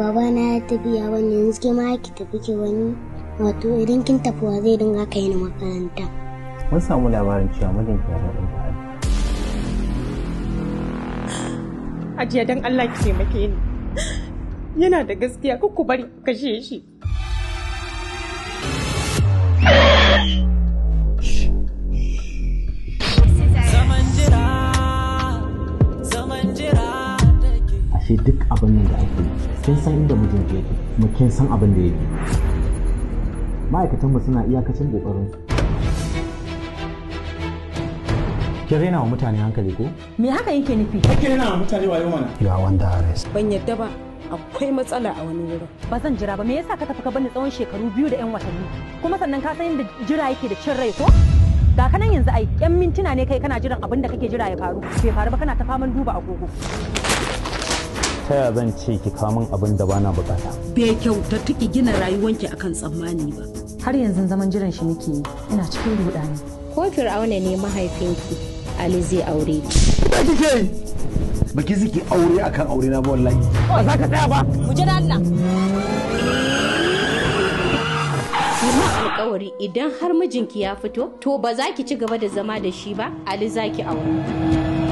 Babana ya tafi ya wani yanzu ke ma ki tafi ki wani wato idan kin tafi wa zai dinga kai ni makaranta mun samu labarin cewa mijin ki ya da hali ajiya dan Allah ki taimake ni yana da gaskiya kuku bari kashe shi ce duk abin nan da ake sun san inda mijin ke mukin san abin da yake ma'aikatanmu suna iyakacin ƙoƙarin ki raina wa mutane hankali ko me haka yake nufi ki raina wa mutane wayo mana ya wanda ares ban yadda ba akwai matsala a wani wurin ba zan jira ba me yasa ka tafi ka bani tsawon shekaru biyu da yan watanni kuma sannan ka san yadda jira yake da cin rai ko ga ka nan yanzu ai yan mintuna ne kai kana jiran abin da kake jira ya faru bai faru ba kana ta faman duba agogo ta ya zan ce ki kamun abin da bana bukata bai kyauta ki gina rayuwanki akan tsammani ba har yanzu zaman jiran shi nake yi ina cikin rudani ko fir'auna ne mahaifinki ali zai aure ki ba kike baki ziki aure akan aure na ba wallahi ba za ka tsaya ba mu ji Allah kuma alkawari idan har mijinki ya fito to ba za ki ci gaba da zama da shi ba ali za ki aure